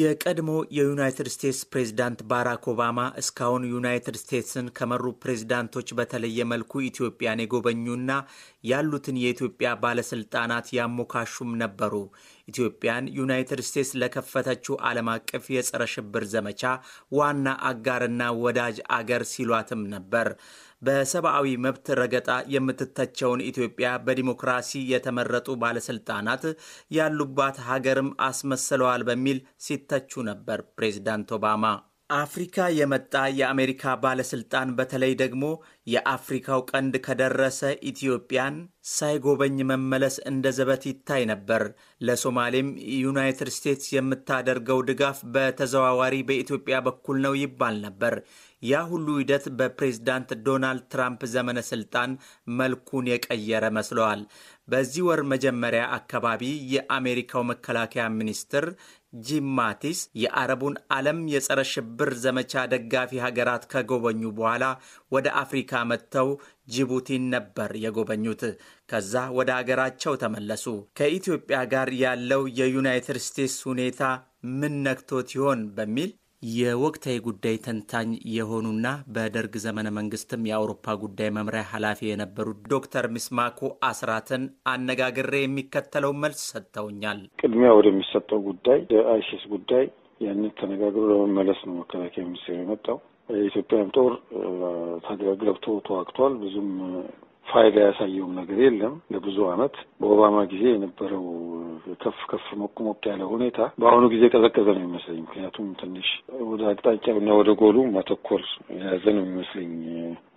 የቀድሞ የዩናይትድ ስቴትስ ፕሬዝዳንት ባራክ ኦባማ እስካሁን ዩናይትድ ስቴትስን ከመሩ ፕሬዝዳንቶች በተለየ መልኩ ኢትዮጵያን የጎበኙና ያሉትን የኢትዮጵያ ባለስልጣናት ያሞካሹም ነበሩ። ኢትዮጵያን ዩናይትድ ስቴትስ ለከፈተችው ዓለም አቀፍ የጸረ ሽብር ዘመቻ ዋና አጋርና ወዳጅ አገር ሲሏትም ነበር። በሰብአዊ መብት ረገጣ የምትተቸውን ኢትዮጵያ በዲሞክራሲ የተመረጡ ባለስልጣናት ያሉባት ሀገርም አስመስለዋል በሚል ሲተቹ ነበር ፕሬዚዳንት ኦባማ። አፍሪካ የመጣ የአሜሪካ ባለስልጣን በተለይ ደግሞ የአፍሪካው ቀንድ ከደረሰ ኢትዮጵያን ሳይጎበኝ መመለስ እንደ ዘበት ይታይ ነበር። ለሶማሌም ዩናይትድ ስቴትስ የምታደርገው ድጋፍ በተዘዋዋሪ በኢትዮጵያ በኩል ነው ይባል ነበር። ያ ሁሉ ሂደት በፕሬዝዳንት ዶናልድ ትራምፕ ዘመነ ስልጣን መልኩን የቀየረ መስለዋል። በዚህ ወር መጀመሪያ አካባቢ የአሜሪካው መከላከያ ሚኒስትር ጂም ማቲስ የአረቡን ዓለም የጸረ ሽብር ዘመቻ ደጋፊ ሀገራት ከጎበኙ በኋላ ወደ አፍሪካ መጥተው ጅቡቲን ነበር የጎበኙት። ከዛ ወደ አገራቸው ተመለሱ። ከኢትዮጵያ ጋር ያለው የዩናይትድ ስቴትስ ሁኔታ ምን ነክቶት ይሆን በሚል የወቅታዊ ጉዳይ ተንታኝ የሆኑና በደርግ ዘመነ መንግስትም የአውሮፓ ጉዳይ መምሪያ ኃላፊ የነበሩት ዶክተር ሚስማኩ አስራትን አነጋግሬ የሚከተለው መልስ ሰጥተውኛል። ቅድሚያ ወደሚሰጠው ጉዳይ የአይሲስ ጉዳይ ያንን ተነጋግሮ ለመመለስ ነው መከላከያ ሚኒስቴር የመጣው። የኢትዮጵያም ጦር ታዲያ ገብቶ ተዋግቷል። ብዙም ፋይዳ ያሳየውም ነገር የለም። ለብዙ አመት በኦባማ ጊዜ የነበረው ከፍ ከፍ ሞቅ ሞቅ ያለ ሁኔታ በአሁኑ ጊዜ ቀዘቀዘ ነው የሚመስለኝ። ምክንያቱም ትንሽ ወደ አቅጣጫው እና ወደ ጎሉ ማተኮር የያዘ ነው የሚመስለኝ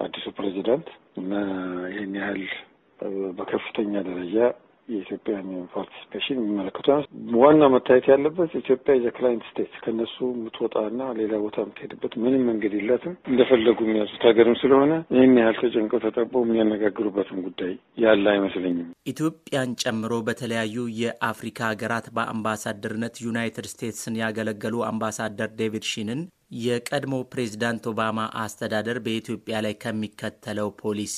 አዲሱ ፕሬዚዳንት እና ይህን ያህል በከፍተኛ ደረጃ የኢትዮጵያን ፓርቲሲፔሽን የሚመለከቱ ዋናው መታየት ያለበት ኢትዮጵያ ክላይንት ስቴት ከነሱ የምትወጣና ሌላ ቦታ የምትሄድበት ምንም መንገድ የላትም። እንደፈለጉ የሚያዙት ሀገርም ስለሆነ ይህን ያህል ተጨንቀው ተጠቦ የሚያነጋግሩበትም ጉዳይ ያለ አይመስለኝም። ኢትዮጵያን ጨምሮ በተለያዩ የአፍሪካ ሀገራት በአምባሳደርነት ዩናይትድ ስቴትስን ያገለገሉ አምባሳደር ዴቪድ ሺንን የቀድሞ ፕሬዝዳንት ኦባማ አስተዳደር በኢትዮጵያ ላይ ከሚከተለው ፖሊሲ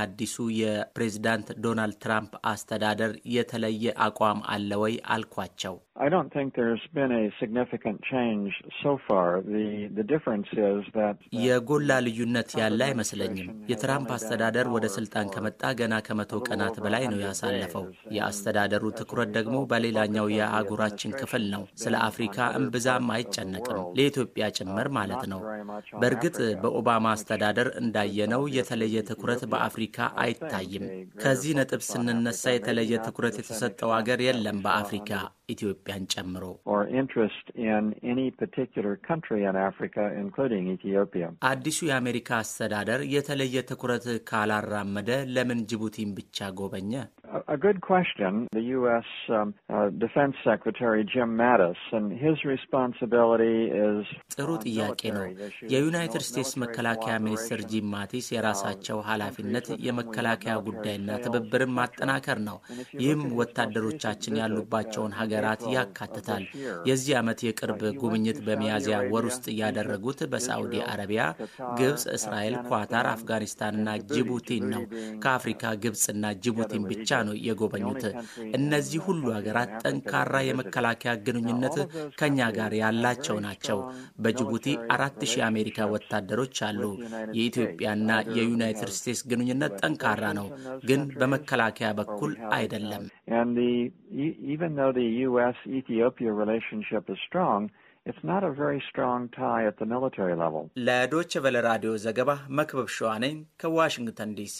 አዲሱ የፕሬዝዳንት ዶናልድ ትራምፕ አስተዳደር የተለየ አቋም አለ ወይ አልኳቸው። I don't think there's been a significant change so far. The, the difference is that uh, የጎላ ልዩነት ያለ አይመስለኝም። የትራምፕ አስተዳደር ወደ ስልጣን ከመጣ ገና ከመቶ ቀናት በላይ ነው ያሳለፈው። የአስተዳደሩ ትኩረት ደግሞ በሌላኛው የአህጉራችን ክፍል ነው። ስለ አፍሪካ እምብዛም አይጨነቅም፣ ለኢትዮጵያ ጭምር uh, ማለት ነው። በእርግጥ በኦባማ አስተዳደር እንዳየነው የተለየ ትኩረት በአፍሪካ አይታይም። ከዚህ ነጥብ ስንነሳ የተለየ ትኩረት የተሰጠው አገር የለም uh, በአፍሪካ ኢትዮጵያን ጨምሮ አዲሱ የአሜሪካ አስተዳደር የተለየ ትኩረት ካላራመደ ለምን ጅቡቲን ብቻ ጎበኘ? ጥሩ ጥያቄ ነው። የዩናይትድ ስቴትስ መከላከያ ሚኒስትር uh, ጂም ማቲስ የራሳቸው ኃላፊነት የመከላከያ ጉዳይና ትብብርን ማጠናከር ነው። ይህም ወታደሮቻችን ያሉባቸውን ሀገር ሀገራት ያካትታል። የዚህ ዓመት የቅርብ ጉብኝት በሚያዝያ ወር ውስጥ ያደረጉት በሳዑዲ አረቢያ፣ ግብፅ፣ እስራኤል፣ ኳታር፣ አፍጋኒስታንና ጅቡቲን ነው። ከአፍሪካ ግብፅና ጅቡቲን ብቻ ነው የጎበኙት። እነዚህ ሁሉ ሀገራት ጠንካራ የመከላከያ ግንኙነት ከኛ ጋር ያላቸው ናቸው። በጅቡቲ አራት ሺህ አሜሪካ ወታደሮች አሉ። የኢትዮጵያና የዩናይትድ ስቴትስ ግንኙነት ጠንካራ ነው፣ ግን በመከላከያ በኩል አይደለም። U.S. Ethiopia relationship is strong, it's not a very strong tie at the military level. ለዶች ቨለ ራዲዮ ዘገባ መክበብ ሸዋነኝ ከዋሽንግተን ዲሲ